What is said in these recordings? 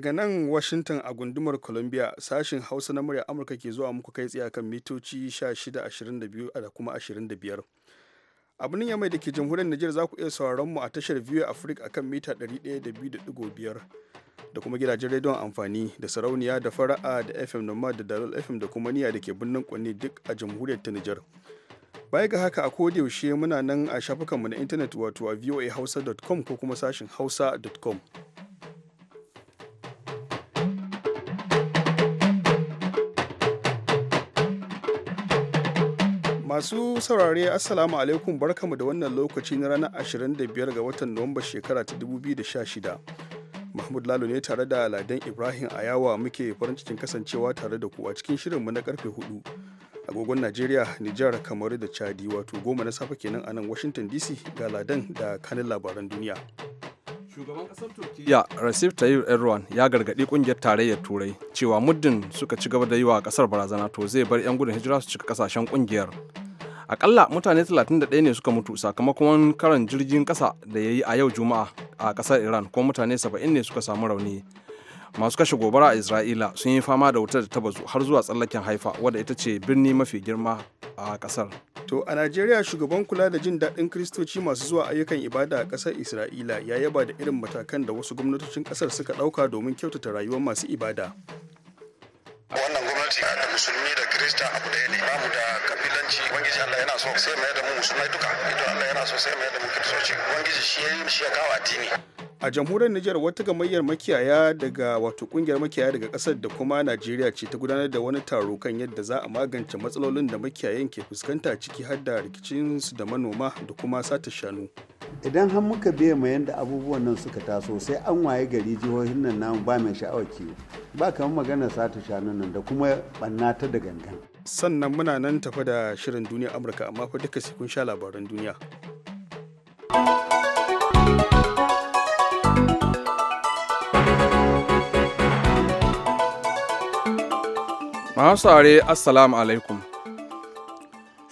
Daga nan Washington a gundumar Columbia sashin Hausa na murya Amurka ke zuwa muku kai tsaye kan mitoci 1622 da kuma 25. A birnin Yamai da ke jamhuriyar niger za ku iya sauraron mu a tashar Viewer Africa akan mita 102.5 da kuma gidajen rediyon amfani da sarauniya da fara'a da FM noma da dalil FM da kuma niya da ke birnin Kwanne duk a jamhuriyar ta niger Baya ga haka a yaushe muna nan a shafukanmu na intanet wato a voahausa.com ko kuma sashin hausa.com. Masu saurare Assalamu alaikum barkamu da wannan lokaci na ranar 25 ga watan Nuwamba shekara ta 2016. Mahmud Lalo ne tare da Ladan Ibrahim Ayawa muke farin cikin kasancewa tare da ku a cikin shirinmu na karfe 4. Agogon Najeriya, Nijar, kamar da Chadi wato goma na safe kenan a nan Washington DC ga Ladan da kanin labaran duniya. Shugaban kasar Turkiyya Recep Tayyip Erdogan ya gargaɗi ƙungiyar tarayyar Turai cewa muddin suka ci gaba da yi wa kasar barazana to zai bar 'yan gudun hijira su cika kasashen ƙungiyar. akalla mutane 31 ne suka mutu sakamakon karan jirgin kasa da ya yi a yau juma'a a kasar iran ko mutane 70 ne suka samu rauni masu kashe gobara a isra'ila sun yi fama da wutar da ta bazu har zuwa tsallaken haifa wadda ita ce birni mafi girma a kasar to a najeriya shugaban kula da jin daɗin kiristoci masu zuwa ayyukan ibada a ƙasar isra'ila ya yaba da irin matakan da wasu gwamnatocin ƙasar suka ɗauka domin kyautata rayuwar masu ibada wannan gwamnati da musulmi da kirista abu ɗaya ne bamu da kabilanci wangiji Allah yana so sai mai da mu musulmai duka ido Allah yana so sai mai da mu kiristoci ubangiji shi ya yi shi ya kawo addini a jamhuriyar Nijar wata gamayyar makiyaya daga wato kungiyar makiyaya daga kasar da kuma Najeriya ce ta gudanar da wani taro kan yadda za a magance matsalolin da makiyayan ke fuskanta ciki har da rikicin su da manoma da kuma sata shanu. Idan har muka biya ma yanda abubuwan nan suka taso sai an waye gari jihohin nan namu ba mai sha'awar kiwo ba kamar magana sata shanu nan da kuma banna ta da gangan. Sannan muna nan tafa da shirin duniya Amurka amma fa duka sai kun sha labaran duniya. Masu saurare Assalamu alaikum.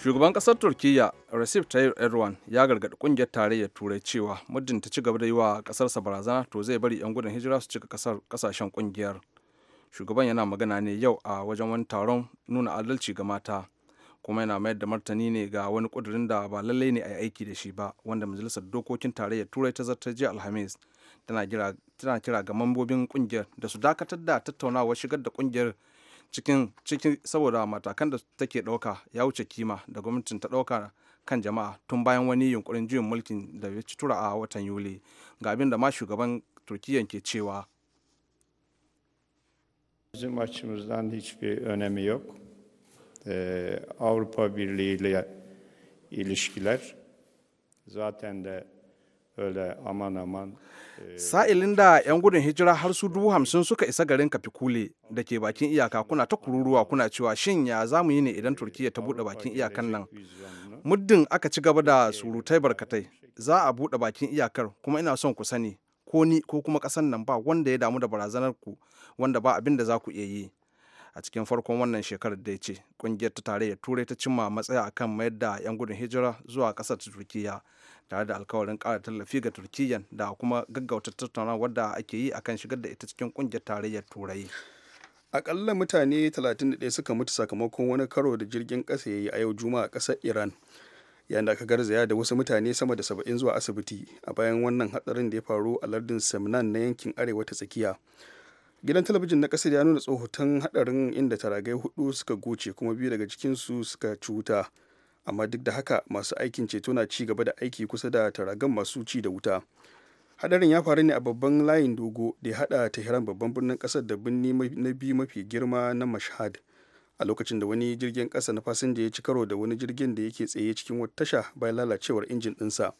Shugaban ƙasar Turkiyya Recep Tayyip Erdogan ya gargaɗi ƙungiyar tarayyar Turai cewa muddin ta ci gaba da yi wa ƙasarsa barazana to zai bari 'yan gudun hijira su cika kasashen ƙungiyar. Shugaban yana magana ne yau a wajen wani taron nuna adalci ga mata kuma yana mayar da martani ne ga wani ƙudurin da ba lallai ne a yi aiki da shi ba wanda majalisar dokokin tarayyar Turai ta zartar jiya Alhamis tana kira ga mambobin ƙungiyar da su dakatar da tattaunawa shigar da ƙungiyar cikin cikin saboda matakan da take ɗauka ya wuce kima da gwamnatin ta ɗauka kan jama'a tun bayan wani yunkurin juyin mulkin da ya ci tura a watan yuli ga abin da ma shugaban turkiyya ke cewa Bizim açımızdan hiçbir önemi yok. Avrupa Birliği ile ilişkiler zaten de öyle aman e, da 'yan gudun hijira har su dubu hamsin suka isa garin Kafikule da ke bakin iyaka kuna ta kururuwa kuna cewa shin ya za mu yi ne idan Turkiyya ta buɗe bakin iyakan nan. Muddin aka ci gaba da surutai barkatai za a buɗe bakin iyakar kuma ina son ku sani ko ni ko kuma ƙasan nan ba wanda ya damu da barazanar ku wanda ba abin da za ku iya yi. a cikin farkon wannan shekarar da ya ce kungiyar ta tarayyar turai ta cimma matsaya akan mayar da 'yan gudun hijira zuwa kasar turkiyya tare da alkawarin kara tallafi ga turkiyya da kuma gaggauta tattaunawa da ake yi akan shigar da ita cikin kungiyar tarayyar turai akalla mutane 31 suka mutu sakamakon wani karo da jirgin kasa ya yi a yau juma'a kasar iran yayin da aka garzaya da wasu mutane sama da 70 zuwa asibiti a bayan wannan hatsarin da ya faru a lardin samnan na yankin arewa ta tsakiya gidan talabijin na kasar ya nuna tsohoton hadarin inda taragai hudu suka goce kuma biyu daga cikinsu suka cuta amma duk da haka masu aikin ceto na ci gaba da aiki kusa da taragan masu ci da wuta hadarin ya faru ne a babban layin dogo da ya hada tehran babban birnin kasar da birni na biyu mafi girma na mashhad a lokacin da wani jirgin kasa na fasinja ya ci karo da wani jirgin da yake tsaye cikin wata tasha bayan lalacewar injin dinsa.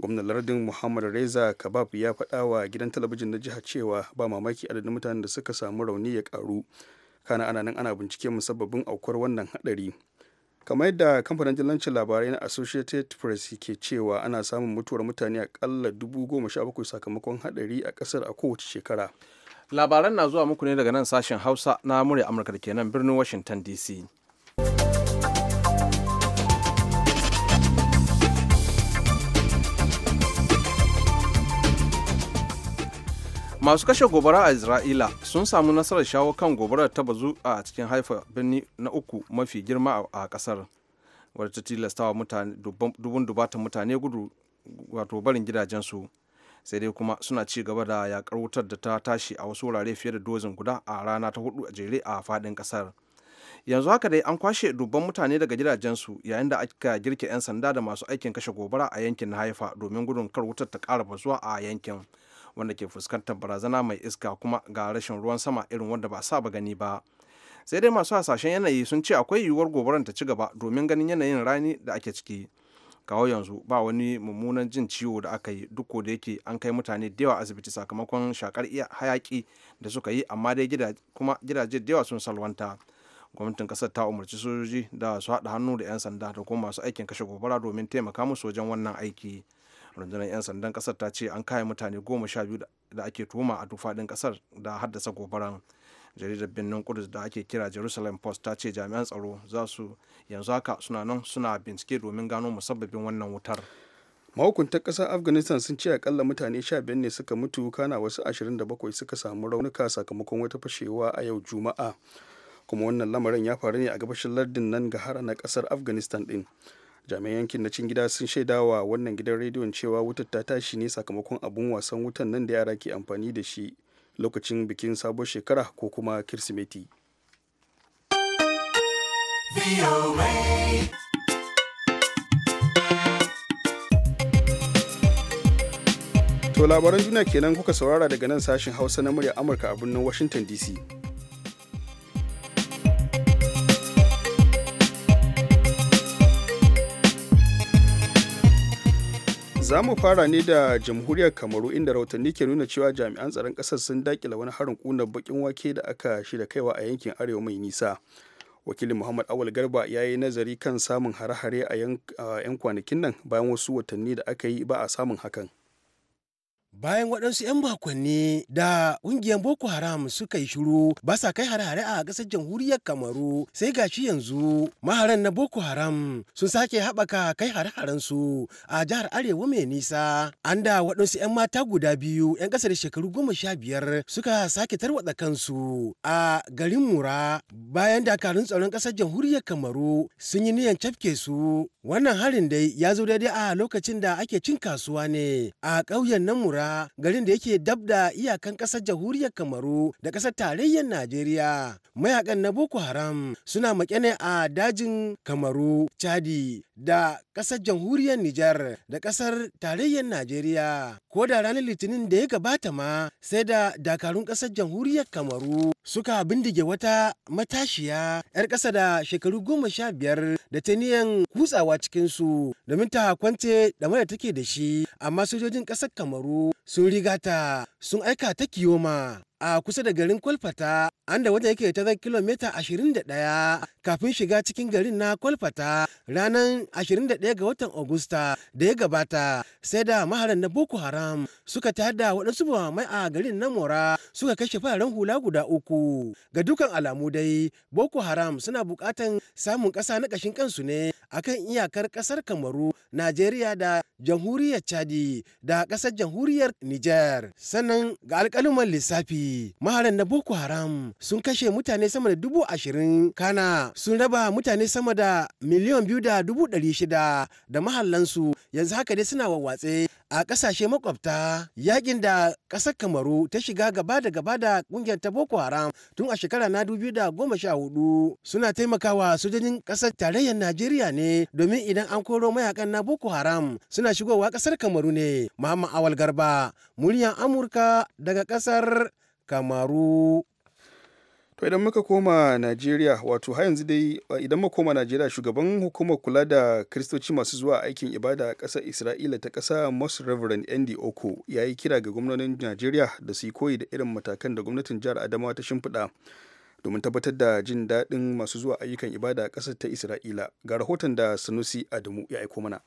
gwamnan lardin muhammad reza kabab ya faɗa wa gidan talabijin na jiha cewa ba mamaki adadin mutanen da suka samu rauni ya karu kana ana nan ana bincike musabbabin aukuwar wannan haɗari kamar yadda kamfanin dillancin labarai na associated press ke cewa ana samun mutuwar mutane akalla dubu goma sha bakwai sakamakon haɗari a kasar a kowace shekara labaran na zuwa muku ne daga nan sashen hausa na murya amurka da kenan birnin washington dc masu kashe gobara a isra'ila sun samu nasarar shawo kan gobarar ta bazu a cikin haifa birni na uku mafi girma a kasar wadda ta tilastawa dubun dubatan mutane gudu wato barin gidajensu sai dai kuma suna ci gaba da yakar wutar da ta tashi a wasu wurare fiye da dozin guda a rana ta hudu a jere a fadin kasar yanzu haka dai an kwashe dubban mutane daga gidajensu yayin da aka girke 'yan sanda da masu aikin kashe gobara a yankin na haifa domin gudun kar wutar ta kara bazuwa a yankin wanda ke fuskantar barazana mai iska kuma ga rashin ruwan sama irin wanda ba saba gani ba sai dai masu hasashen yanayi sun ce akwai yiwuwar gobarar ta ci gaba domin ganin yanayin rani da ake ciki kawo yanzu ba wani mummunan jin ciwo da aka yi duk da yake an kai mutane da yawa asibiti sakamakon shakar hayaki da suka yi amma dai kuma gidaje da yawa sun salwanta gwamnatin kasar ta umarci sojoji da su haɗa hannu da 'yan sanda da kuma masu aikin kashe gobara domin taimaka musu wajen wannan aiki rundunar 'yan sandan kasar ta ce an kaya mutane goma sha biyu da ake tuhuma a tufaɗin kasar da haddasa gobaran jaridar birnin kudus da ake kira jerusalem post ta ce jami'an tsaro za su yanzu haka suna nan suna bincike domin gano musabbabin wannan wutar mahukuntan ƙasar afghanistan sun ce akalla mutane sha 15 ne suka mutu kana wasu ashirin da bakwai suka samu raunuka sakamakon wata fashewa a yau juma'a kuma wannan lamarin ya faru ne a gabashin lardin nan ga hara na ƙasar afghanistan din jami'an yankin na cin gida sun shaida wa wannan gidan rediyon cewa wutar ta tashi ne sakamakon abun wasan wutan nan da yara ke amfani da shi lokacin bikin sabon shekara ko kuma kirsimeti To labaran duniya kenan kuka saurara daga nan sashen Hausa na murya Amurka a birnin Washington DC. za mu fara ne da jamhuriyar kamaru inda rahotanni ke nuna cewa jami'an tsaron ƙasar sun dakila wani harin ƙunar baƙin wake da aka shirya kaiwa a yankin arewa mai nisa wakilin muhammad awal garba ya yi nazari kan samun hare-hare a 'yan kwanakin nan bayan wasu watanni da aka yi ba a samun hakan bayan waɗansu 'yan makonni da ƙungiyar boko haram suka yi shiru ba sa kai hare-hare a ƙasar jamhuriyar kamaru sai gashi yanzu maharan na boko haram sun sake haɓaka kai hare-haren a jihar arewa mai nisa an da waɗansu 'yan mata guda biyu 'yan ƙasar shekaru goma sha biyar suka sake tarwatsa kansu a garin mura bayan dakarun tsaron ƙasar jamhuriyar kamaru sun yi niyan cafke su wannan harin dai ya zo daidai a lokacin da ake cin kasuwa ne a ƙauyen na mura Mina garin da yake dab da iyakan ƙasar jamhuriyar Kamaru da ƙasar tarayyar Najeriya. Mayakan na Boko Haram suna makene a dajin Kamaru, Chadi da ƙasar jamhuriyar Nijar da ƙasar tarayyar Najeriya. Ko da ranar Litinin da ya gabata ma sai da dakarun ƙasar jamhuriyar Kamaru suka bindige wata matashiya 'yar ƙasa da shekaru goma sha biyar da ta niyan kutsawa cikinsu domin ta kwance da da take da shi amma sojojin ƙasar Kamaru sun rigata. sun aika ta kiyoma a kusa da garin Kwalfata, anda wajen yake ta kilomita 21 kafin shiga cikin garin na Kwalfata ranar 21 ga watan Agusta da ya gabata sai da maharan na Boko Haram suka da waɗansu mai a garin na Mora suka kashe fararen hula guda uku. Ga dukan alamu dai Boko Haram suna buƙatan samun ƙasa na ƙashin kansu ne akan iyakar ƙasar Kamaru, Najeriya da jamhuriyar Chadi da ƙasar jamhuriyar Niger. Sannan ga alƙaluman lissafi Maharan na Boko Haram sun kashe mutane sama da dubu ashirin kana sun raba mutane sama da miliyan biyu da dubu ɗari shida da mahallansu yanzu haka dai suna wawwatse a ƙasashe makwabta yakin da ƙasar kamaru ta shiga gaba da gaba da ƙungiyar ta boko haram tun a shekara na dubu da goma sha hudu suna taimakawa sojojin ƙasar tarayyar najeriya ne domin idan an koro mayakan na boko haram suna shigowa ƙasar kamaru ne muhammad awal garba muryan amurka daga ƙasar kamaru to idan muka koma najeriya wato har yanzu dai idan muka koma najeriya shugaban hukumar kula da kiristoci masu zuwa aikin ibada a ƙasar isra'ila ta ƙasa most reverend andy oko ya yi kira ga gwamnonin najeriya da su yi koyi da irin matakan da gwamnatin jihar adamawa ta shimfiɗa domin tabbatar da jin daɗin masu zuwa ayyukan ibada a ƙasar ta isra'ila ga rahoton da sanusi adamu ya aiko mana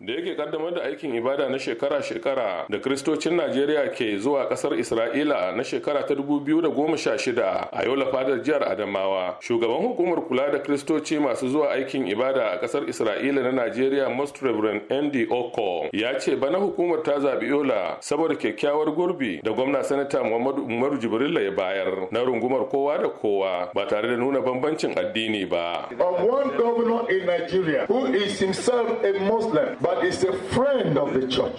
da yake kaddamar da aikin ibada na shekara-shekara da kristocin najeriya ke zuwa kasar isra'ila na shekara ta 2016 a yola fadar jihar adamawa shugaban hukumar kula da kristoci masu zuwa aikin ibada a kasar isra'ila na najeriya most reverend andy oko ya ce bana hukumar ta zaɓi yola saboda kyakkyawar gurbi da gwamna sanata muhammadu umaru jibrila ya bayar na rungumar kowa da kowa ba tare da nuna bambancin addini ba. one governor in Nigeria who is himself a Muslim but is a friend of the church.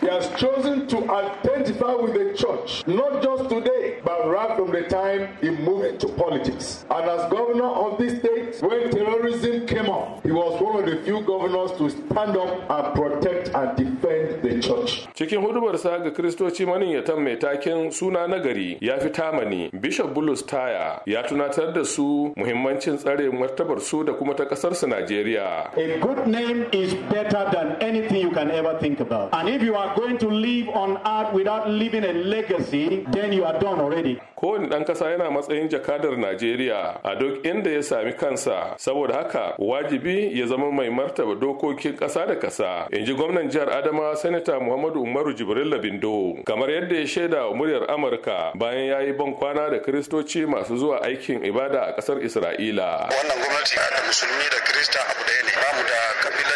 He has chosen to identify with the church, not just today, but right from the time he moved to politics. And as governor of this state, when terrorism came up, he was one of the few governors to stand up and protect and defend the church. Cikin hudubarsa ga Kiristoci maniyyatan mai taken suna nagari ya fi tamani, Bishop Bulus Taya ya tunatar da su muhimmancin tsare martabar su da kuma ta kasarsu Najeriya. A good name is better than anything you can ever think about. And if you are are going to live on earth without leaving a legacy, then you are done already. Kowane ɗan ƙasa yana matsayin jakadar Najeriya a duk inda ya sami kansa, saboda haka wajibi ya zama mai martaba dokokin ƙasa da ƙasa, in ji gwamnan jihar adama Sanata Muhammadu Umaru Jibril Labindo, kamar yadda ya shaida wa muryar Amurka bayan ya yi ban kwana da Kiristoci masu zuwa aikin ibada a ƙasar Isra'ila. Wannan gwamnati da musulmi da Kirista abu ɗaya ne, babu da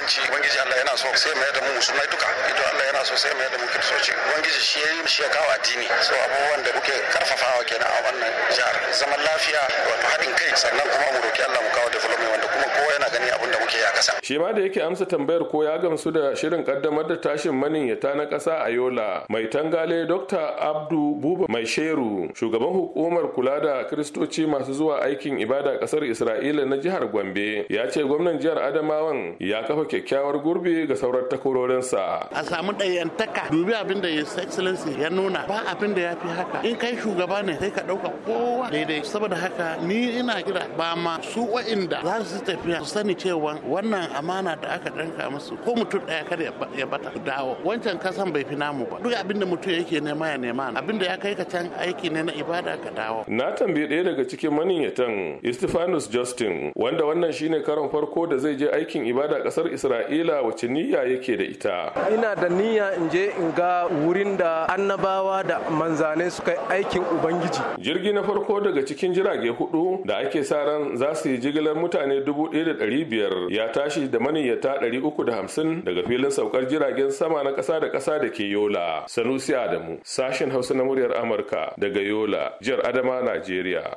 musulunci ubangiji Allah yana so sai mai da mu musulmai duka idan Allah yana so sai mai da mu kiristoci ubangiji shi ya shi ya kawo addini so abubuwan da kuke karfafawa kenan a wannan jihar zaman lafiya wato haɗin kai sannan kuma mu roki Allah mu kawo development wanda kuma kowa yana gani abin da muke ya a ƙasa shi ma da yake amsa tambayar ko ya gamsu da shirin kaddamar da tashin maniyyata na ƙasa a Yola mai tangale Dr. Abdu Buba mai Sheru shugaban hukumar kula da kiristoci masu zuwa aikin ibada ƙasar Isra'ila na jihar Gombe ya ce gwamnan jihar Adamawan ya kafa kyakkyawar gurbi ga sauran takororinsa. a samu ɗayantaka dubi abin da his excellency ya nuna ba abin da ya fi haka in kai shugaba ne sai ka ɗauka kowa daidai saboda haka ni ina kira ba ma su wa'inda za su tafiya su sani cewa wannan amana da aka danka musu ko mutum ɗaya kar ya bata dawo wancan kasan bai fi namu ba duk abin da mutum yake nema ya nema abin da ya kai ka can aiki ne na ibada ka dawo na tambayi ɗaya daga cikin maniyyatan Stephanus Justin wanda wannan shine karon farko da zai je aikin ibada ƙasar Isra'ila isra'ila wace niyya yake da ita ina da niyya in je in ga wurin da annabawa da manzanai suka yi aikin ubangiji jirgi na farko daga cikin jirage hudu da ake sa ran za su yi jigilar mutane dubu da ɗari biyar ya tashi da maniyyata uku da ɗari hamsin daga filin saukar jiragen sama na ƙasa da ƙasa da ke yola sanusi adamu sashen hausa na muryar amurka daga yola jihar adama najeriya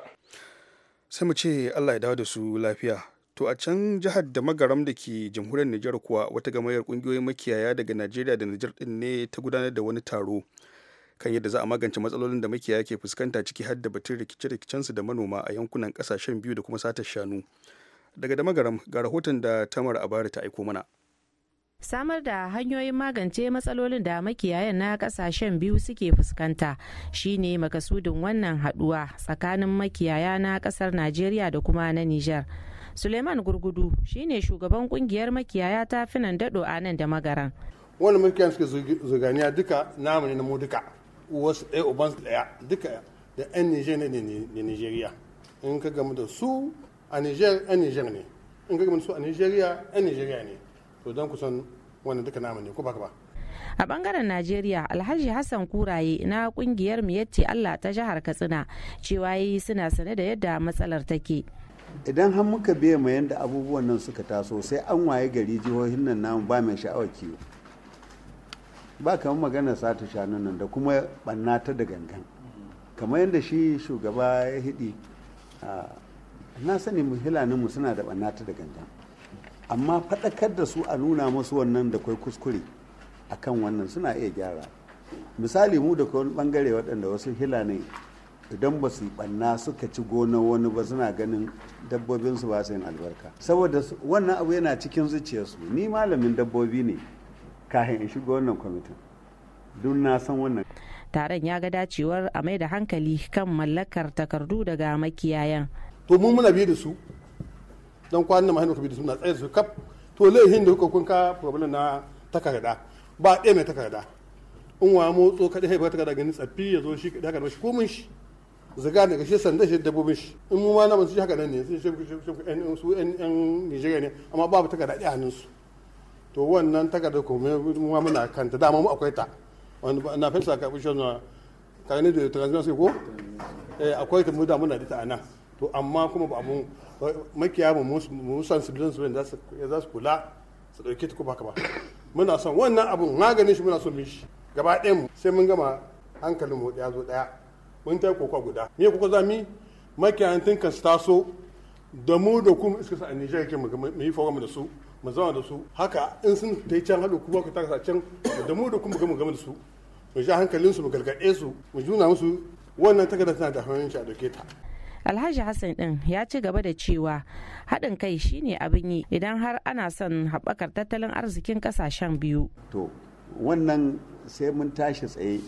sai mu ce allah ya dawo da su lafiya To a can jihar da magaram da ke jamhuriyar Nijar kuwa wata gamayar kungiyoyin makiyaya daga Najeriya da Nijar din ne ta gudanar da wani taro kan yadda za a magance matsalolin da makiyaya ke fuskanta ciki har da batun rikice rikicen su da manoma a yankunan kasashen biyu da kuma sata shanu. Daga da magaram ga rahoton da Tamar Abari ta aiko mana. samar da hanyoyin magance matsalolin da makiyayan na kasashen biyu suke fuskanta shine makasudin wannan haduwa tsakanin makiyaya na kasar najeriya da kuma na nijar Suleiman Gurgudu shine shugaban kungiyar makiyaya ta finan dado a nan da magaran. wani makiyayan suke zuganiya duka namu ne na mu duka. Wasu ɗaya uban su ɗaya duka da 'yan nijer ne da Nijeriya. In ka gamu da su a nijer 'yan nijer ne. In ka gamu da su a Nijeriya 'yan Nijeriya ne. To don kusan wani duka namu ne ko ba ka ba. a bangaren najeriya alhaji hassan kuraye na kungiyar miyatti allah ta jihar katsina cewa yi suna sane da yadda matsalar take idan har muka biya mai yadda abubuwan nan suka taso sai an waye gari jihohin nan namu ba mai sha'awar kiwo ba kamar magana sata shanun nan da kuma banna ta da gangan kamar yadda shi shugaba ya hidi na sani mu suna da banna ta da gangan amma faɗakar da su a nuna musu wannan da kwai kuskure akan wannan suna iya gyara misali mu da kawai bangare waɗanda wasu hilanin idan ba su banna suka ci gonar wani ba suna ganin dabbobinsu ba su yin albarka saboda wannan abu yana cikin zuciyarsu ni malamin dabbobi ne kafin in shiga wannan kwamitin duk na san wannan taron ya ga dacewar a mai da hankali kan mallakar takardu daga makiyayan to mun muna bi da su dan kwanan ka bi da su na tsaye da su kaf to laifin da kuka ka problem na takarda ba ɗaya mai takarda in wa motso kaɗai haifar takarda ganin tsaffi ya zo shi kaɗai haka shi mun shi zaga daga shi sanda shi dabbobin shi in mu ma na mun shi haka nan ne sai shi shi shi su yan Nigeria ne amma ba babu takarda a hannun su to wannan takarda ko mu ma muna kanta dama mu akwai ta wani na fesa ka bi shi na ne da transmission ko eh akwai ta mu da muna da ta anan to amma kuma ba mu makiya mu mu san su bilan su za su kula su dauke ta ko baka ba muna son wannan abun maganin shi muna son mishi gaba ɗayan sai mun gama hankalin mu ya zo daya mun ta kokwa guda me kuka zami makiyantin kan su taso da mu da ku iska a Nijar yake mu yi fawama da su mu zama da su haka in sun ta can haɗu kuma ku takasa can da mu da ku mu gama da su mu ja hankalin su mu galgade su mu juna musu wannan takarda tana da hanyoyin a dauke ta Alhaji Hassan din ya ci gaba da cewa haɗin kai shine abin yi idan har ana son haɓakar tattalin arzikin ƙasashen biyu. To wannan sai mun tashi tsaye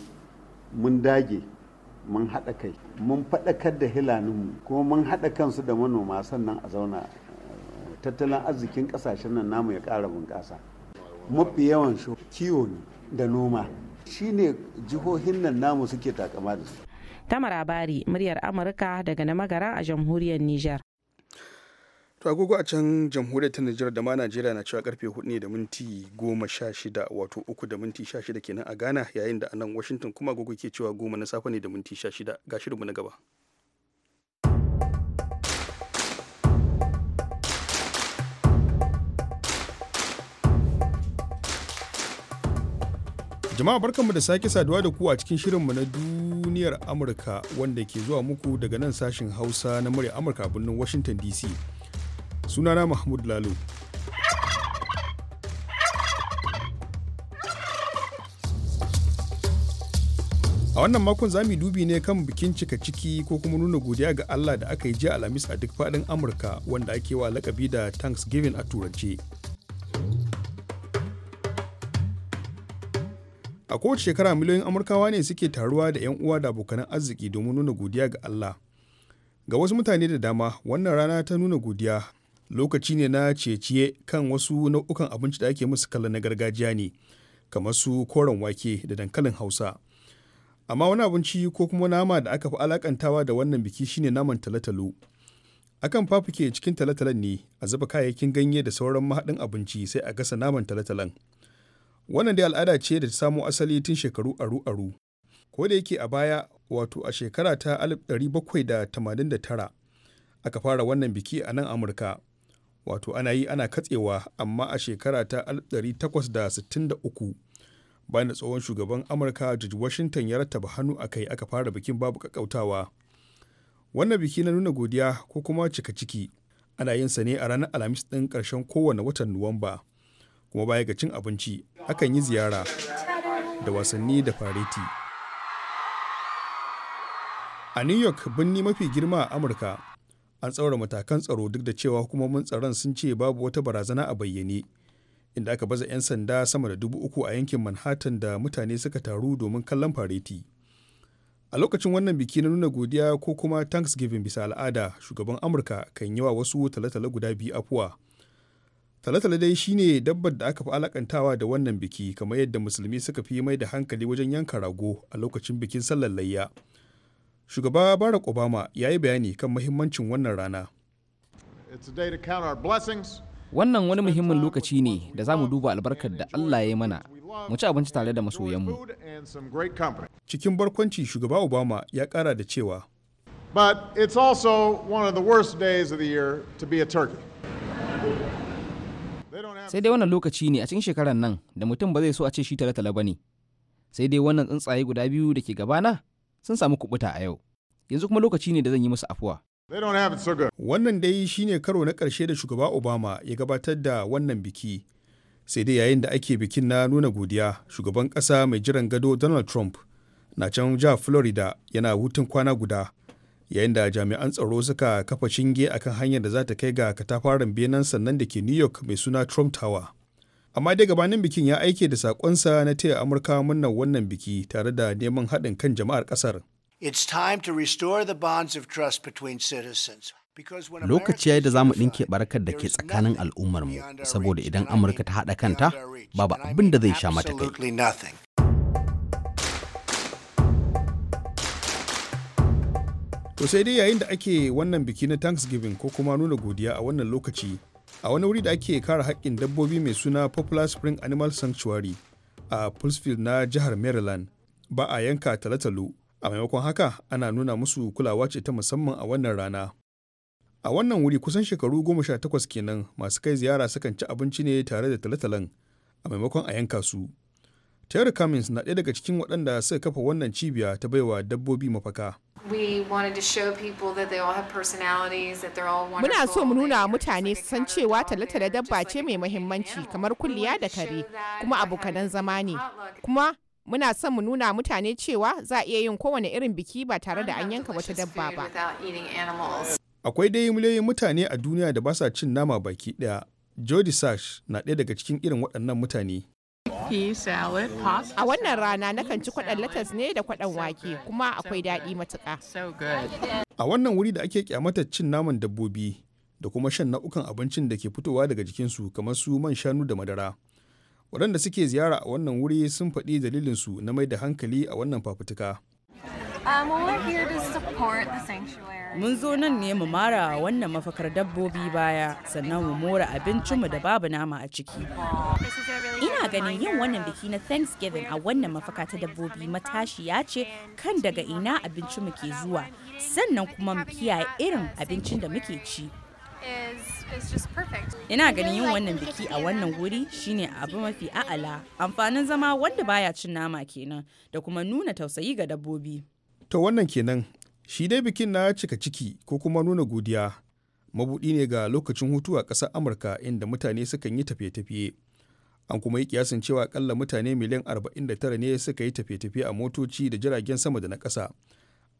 mun dage mun haɗa kai mun faɗakar da hilaninmu kuma mun haɗa kansu da manoma sannan a zauna tattalin arzikin ƙasashen nan namu ya ƙara bunƙasa mafi yawan shi kiwo ne da noma shine jihohin nan namu suke takama da su tamara bari muryar amurka daga na magara a jamhuriyar niger to agogo a can jamhuriyar ta Nijar da ma Najeriya na cewa karfe 4 ne da minti shida wato uku da minti 16 kenan a Ghana yayin da a nan Washington kuma agogo ke cewa 10 na safe ne da minti shida ga shirinmu na gaba. Jama'a barkanmu da sake saduwa da ku a cikin shirinmu na duniyar Amurka wanda ke zuwa muku daga nan sashin Hausa na murya Amurka a birnin Washington DC. sunana mahmud lalo a wannan makon za mu dubi ne kan bikin cika ciki ko kuma nuna godiya ga Allah da aka yi jiya alhamis a duk faɗin amurka wanda ake wa lakabi da thanksgiving a turance a kowace shekara miliyoyin amurkawa ne suke taruwa da 'yan uwa da abokanan arziki domin nuna godiya ga Allah ga wasu mutane da dama wannan rana ta nuna godiya lokaci ne na ciye-ciye kan wasu nau'ukan abinci da ake musu kallon na gargajiya ne kamar su koren wake da dankalin hausa amma wani abinci ko kuma nama da aka fi alakantawa da wannan biki shine naman talatalo akan fafuke cikin talatalan ne a zuba kayayyakin ganye da sauran mahaɗin abinci sai a gasa naman talatalan wannan dai al'ada ce da ta samo asali tun shekaru aru-aru ko da yake a baya wato a shekara ta 1789 aka fara wannan biki a nan amurka wato ana yi ana katsewa amma a shekara ta 1863 bayan da tsohon shugaban amurka george washington ya rattaba hannu a kai aka fara bikin babu ƙaƙautawa. wannan biki na nuna godiya ko kuma cika ciki ana yin sa ne a ranar alhamis ɗin ƙarshen kowane watan nuwamba kuma baya ga cin abinci akan yi ziyara da wasanni da fareti a new york birni mafi girma a amurka an tsaura matakan tsaro duk da cewa hukumomin tsaron sun ce babu wata barazana a bayyane inda aka baza 'yan sanda sama da dubu uku a yankin manhattan da mutane suka taru domin kallon fareti a lokacin wannan biki na nuna godiya ko kuma thanksgiving bisa al'ada shugaban amurka kan yi wa wasu talatala guda biyu afuwa talatala dai shine dabbar da aka fi alakantawa da wannan biki kamar yadda musulmi suka fi mai da hankali wajen yanka rago a lokacin bikin sallar layya shugaba barack obama ya yi bayani kan mahimmancin wannan rana wannan wani muhimmin lokaci ne da za mu duba albarkar da allah ya yi mana mu ci abinci tare da masoyanmu cikin barkwanci shugaba obama ya kara da cewa But it's also one the worst days the year to be a turkey. Sai dai wannan lokaci ne a cikin shekarar nan da mutum ba zai so a ce shi tare tale ba ne. Sai dai wannan tsuntsaye guda biyu da ke gabana sun samu kubuta a yau yanzu kuma lokaci ne da zan yi musu afuwa wannan dai shine karo na ƙarshe da shugaba obama ya gabatar da wannan biki sai dai yayin da ake bikin na nuna godiya shugaban ƙasa mai jiran gado donald trump na can jihar florida yana hutun kwana guda yayin da jami'an tsaro suka kafa shinge akan hanyar da za ta kai ga katafaren benen sannan da ke new york mai suna trump tower amma dai gabanin bikin ya aike da sakonsa na taya amurka murnar wannan biki tare da neman haɗin kan jama'ar ƙasar It's to restore the bonds of trust between citizens. Lokaci ya yi da zamu ɗinke barakar da ke tsakanin al'ummarmu, saboda idan Amurka ta haɗa kanta, babu abin da zai sha mata kai. To sai dai yayin da ake wannan biki na Thanksgiving ko kuma nuna godiya a wannan lokaci, a wani wuri da ake kare haƙƙin dabbobi mai suna popular spring animal sanctuary a pittsfield na jihar maryland ba a yanka talatalo a maimakon haka ana nuna musu kulawa ce ta musamman a wannan rana a wannan wuri kusan shekaru goma sha takwas kenan masu kai ziyara sukan ci abinci ne tare da talatalan a maimakon a yanka su terry cummins na ɗaya daga cikin waɗanda suka kafa wannan cibiya ta baiwa dabbobi mafaka we wanted to show people that they all have personalities Muna so mu nuna mutane san cewa da dabba ce mai muhimmanci kamar kulliya da kare kuma abokanan zama ne. Kuma muna son mu nuna mutane cewa za a iya yin kowane irin biki ba tare da an yanka wata dabba ba. Akwai dai miliyoyin mutane a duniya da ba sa cin nama baki ɗaya. Jody Sash na ɗaya daga cikin irin waɗannan mutane. A wannan rana nakan ci kwaɗan latas ne da kwaɗan wake kuma akwai daɗi matuƙa. A wannan wuri da ake kyamata cin naman dabbobi da kuma shan nau'ukan abincin da ke fitowa daga jikinsu kamar su man shanu da madara. Waɗanda suke ziyara a wannan wuri sun faɗi dalilinsu na mai da hankali a wannan fafutuka. Um, mun zo nan ne mu mara wannan mafakar dabbobi baya sannan mu mora abincinmu da babu nama a ciki ina ganin yin wannan biki na thanksgiving a wannan mafaka ta dabbobi matashiya ce kan daga ina abincinmu ke zuwa sannan kuma mu kiyaye irin abincin da muke ci Ina ganin yin wannan biki a wannan wuri shine abu mafi a'ala amfanin zama wanda baya cin nama kenan da kuma nuna tausayi ga dabbobi. To wannan kenan Shi dai bikin na cika ciki ko kuma nuna godiya mabuɗi ne ga lokacin hutu a ƙasar Amurka inda mutane sukan yi tafiye-tafiye. An kuma yi kiyasin cewa akalla mutane miliyan tara ne suka yi tafiye-tafiye a motoci da jiragen sama da na ƙasa.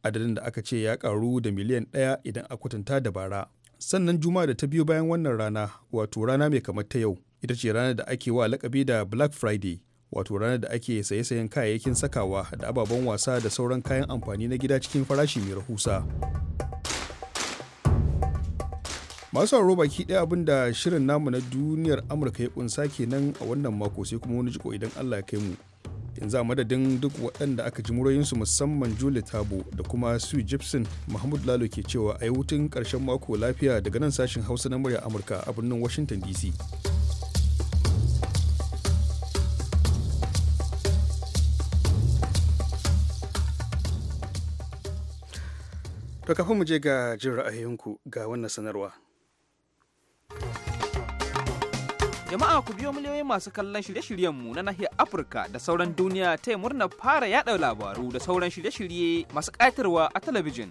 Adadin da aka ce ya ƙaru da miliyan ɗaya idan a kwatanta da bara. Sannan Juma'a da ta biyu bayan wannan rana, wato rana mai kamar ta yau, ita ce rana da ake wa lakabi da Black Friday. wato ranar da ake saye-sayen kayayyakin sakawa da ababen wasa da sauran kayan amfani na gida cikin farashi mai rahusa masu haro baki ɗaya abinda shirin namu na duniyar amurka ya kunsa kenan a wannan mako sai kuma wani jiko idan allah ya kai mu yanzu a madadin duk waɗanda aka ji murayinsu musamman julie tabo da kuma sue gibson mahmud lalo ke cewa a yi hutun ƙarshen mako lafiya daga nan sashen hausa na murya amurka a birnin washington dc To kafin mu je ga jin ra'ayinku ga wannan sanarwa. Jama'a ku biyo miliyoyin masu kallon shirye-shiryenmu na nahiyar Afirka da sauran duniya ta yi murnar fara yaɗa labaru da sauran shirye-shirye masu ƙayatarwa a talabijin.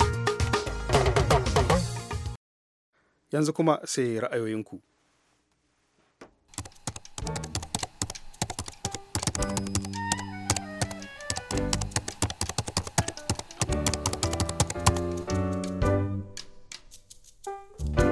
yanzu kuma sai ra'ayoyinku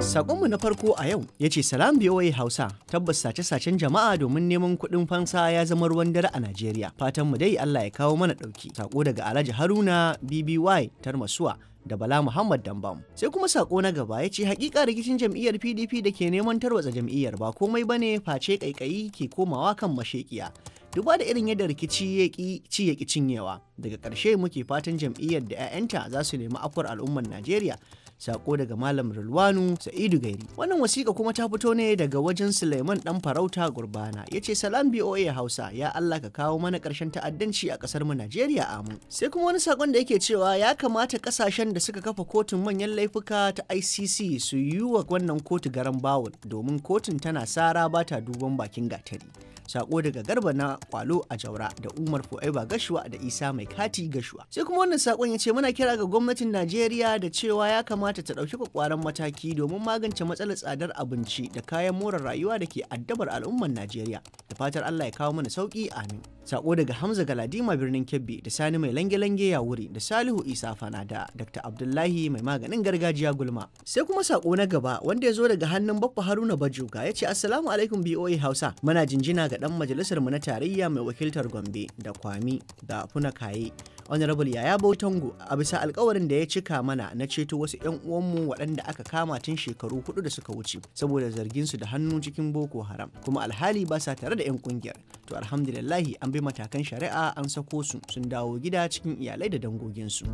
Sakonmu na farko a yau ya ce salam BOA Hausa tabbas sace-sacen jama'a domin neman kuɗin fansa ya zama ruwan dare a Najeriya. Fatanmu dai Allah ya kawo mana ɗauki. Sako daga Alhaji Haruna BBY Tarmasuwa da Bala Muhammad Dambam. Sai kuma sako na gaba ya ce hakika rikicin jam'iyyar PDP da ke neman tarwatsa jam'iyyar ba komai ba ne face kaikayi ke komawa kan mashekiya. Duba da irin yadda rikici ya ki ci ya ki cinyewa. Daga ƙarshe muke fatan jam'iyyar da 'ya'yanta za su nemi afuwar al'ummar Najeriya sako daga malam Rilwanu Sa'idu Gairi. Wannan wasiƙa kuma ta fito ne daga wajen Suleiman dan farauta Gurbana. ce salam BOA Hausa ya Allah ka kawo mana ƙarshen ta'addanci a ƙasar mu Najeriya amin. Sai kuma wani sakon da yake cewa ya kamata ƙasashen da suka kafa kotun manyan laifuka ta ICC su yi wa wannan kotu garan bawul domin kotun tana sara ba ta duban bakin gatari. sako daga garba na kwalo a jaura da umar Fu'aiba gashuwa da isa mai kati gashuwa sai kuma wannan sakon ya ce muna kira ga gwamnatin najeriya da cewa ya kamata kamata ta ɗauki kwakwaran mataki domin magance matsalar tsadar abinci da kayan more rayuwa da ke addabar al'ummar Najeriya. Da fatar Allah ya kawo mana sauƙi amin. Sako daga Hamza Galadima birnin Kebbi da Sani mai lange-lange ya wuri da Salihu Isa fana da Dr. Abdullahi mai maganin gargajiya gulma. Sai kuma sako na gaba wanda ya zo daga hannun babba Haruna Bajuga ya ce Assalamu alaikum BOA Hausa. Muna jinjina ga dan majalisar mu na tarayya mai wakiltar Gombe da Kwami da Funa Kaye. Honorable Yaya Bautango a bisa alkawarin da ya cika mana na ceto wasu 'yan uwanmu waɗanda aka kama tun shekaru hudu da suka wuce saboda zargin su da hannu cikin Boko Haram kuma alhali ba sa tare da 'yan kungiyar. To alhamdulillahi an bi bi matakan shari'a an sako su sun dawo gida cikin iyalai da dangoginsu.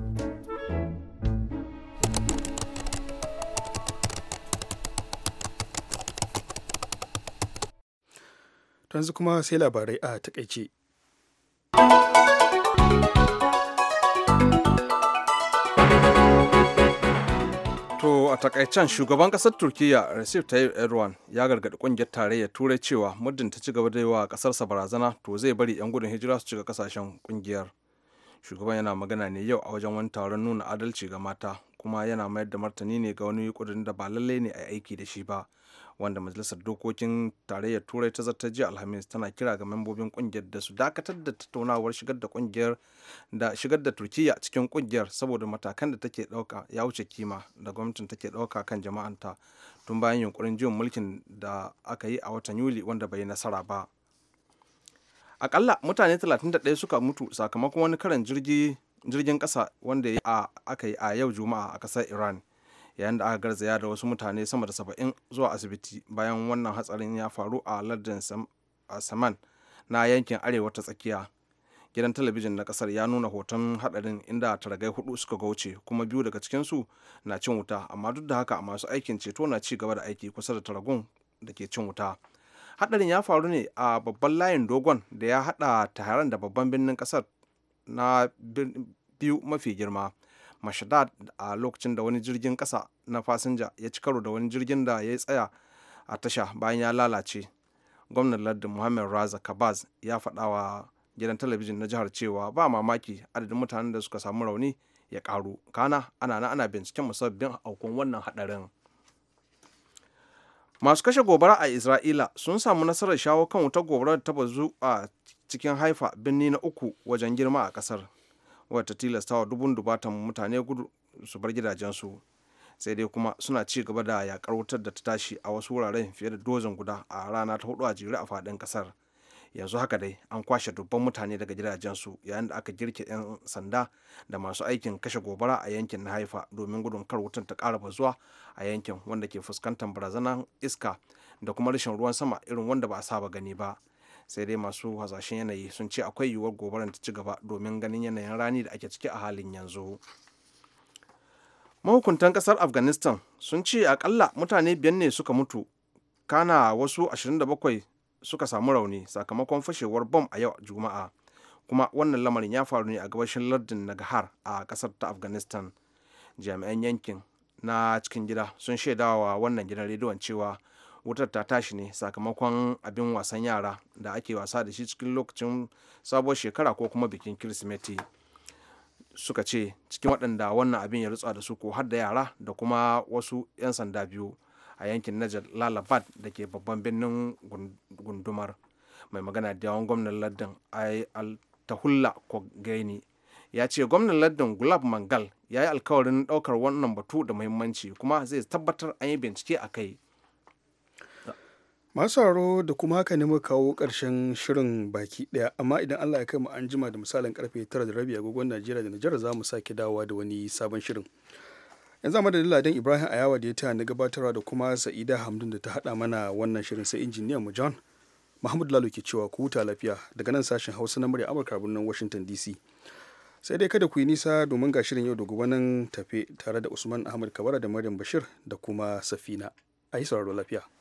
yanzu kuma sai labarai a takaice. takaicen shugaban kasar turkiyya recep tayyip erdogan ya gargaɗi ƙungiyar tarayyar turai cewa muddin ta ci gaba da yawa ƙasarsa barazana to zai bari 'yan gudun hijira su cika kasashen ƙungiyar shugaban yana magana ne yau a wajen wani taron nuna adalci ga mata kuma yana mayar da martani ne ga wani ƙudurin da ba lallai ne a aiki da shi ba wanda majalisar dokokin tarayyar turai ta zata jiya alhamis tana kira ga membobin kungiyar da su dakatar da tattaunawar shigar da kungiyar da shigar da turkiya cikin kungiyar saboda matakan da take dauka ya wuce kima da gwamnatin take dauka kan jama'anta tun bayan yunkurin jin mulkin da aka yi a watan yuli wanda bai nasara ba akalla mutane 31 suka mutu sakamakon wani karan jirgin kasa wanda aka yi a yau juma'a a kasar iran yayin da aka garzaya da wasu mutane sama da saba'in zuwa asibiti bayan wannan hatsarin ya faru a lardin saman na yankin arewa ta tsakiya gidan talabijin na kasar ya nuna hoton hadarin inda taragai hudu suka gauce kuma biyu daga cikinsu na cin wuta amma duk da haka masu aikin ceto na ci gaba da aiki kusa da taragun da ke cin wuta hadarin ya faru ne a babban layin dogon da ya hada taharan da babban birnin kasar na biyu mafi girma mashadad a lokacin da wani jirgin kasa na fasinja ya ci karo da wani jirgin da ya tsaya a tasha bayan ya lalace gwamnan lardin muhammad raza kabaz ya faɗa wa gidan talabijin na jihar cewa ba mamaki adadin mutanen da suka samu rauni ya karu kana ana na ana binciken musabbin aukun wannan hadarin. masu kashe gobara a isra'ila sun samu nasarar shawo kan wutar gobarar ta bazu a cikin haifa birni na uku wajen girma a kasar wadda ta tilasta wa dubun dubatan mutane gudu su bar gidajensu sai dai kuma suna ci gaba da yakar wutar da ta tashi a wasu wuraren fiye da dozin guda a rana ta hudu a jere a faɗin ƙasar yanzu haka dai an kwashe dubban mutane daga gidajensu yayin da aka girke 'yan sanda da masu aikin kashe gobara a yankin na haifa domin gudun kar wutar ta ƙara bazuwa a yankin wanda ke fuskantar barazanar iska da kuma rashin ruwan sama irin wanda ba a saba gani ba sai dai masu hasashen yanayi sun ce akwai yiwuwar gobarar ta ci gaba domin ganin yanayin rani da ake ciki a halin yanzu mahukuntan kasar afghanistan sun ce akalla mutane biyar ne suka mutu kana wasu 27 suka samu rauni sakamakon fashewar bom a yau juma'a kuma wannan lamarin ya faru ne a gabashin lardin nagahar a kasar ta afghanistan jami'an yankin na cikin gida sun shaidawa wannan gidan rediyon cewa wutar ta tashi ne sakamakon abin wasan yara da ake wasa da shi cikin lokacin sabuwar shekara ko kuma bikin kirsimeti suka ce cikin waɗanda wannan abin ya rutsa da su ko har da yara da kuma wasu 'yan sanda biyu a yankin najar lalabad da ke babban birnin gundumar mai magana da yawan gwamnan lardin altahulla kogaini ya ce gwamnan lardin gulab mangal ya yi alkawarin ɗaukar wannan batu da muhimmanci kuma zai tabbatar an yi bincike a kai masu haro da kuma haka ne muka kawo karshen shirin baki ɗaya amma idan allah ya kai mu an jima da misalin karfe tara da rabi agogon najeriya da nijar za mu sake dawowa da wani sabon shirin yanzu amma da ladan ibrahim ayawa da ya taya na gabatarwa da kuma sa'ida hamdun da ta haɗa mana wannan shirin sai injiniyan mu john muhammadu lalu ke cewa ku huta lafiya daga nan sashen hausa na murya amurka birnin washington dc sai dai kada ku yi nisa domin ga shirin yau da gobe nan tafe tare da usman ahmad kabara da maryam bashir da kuma safina a yi sauraro lafiya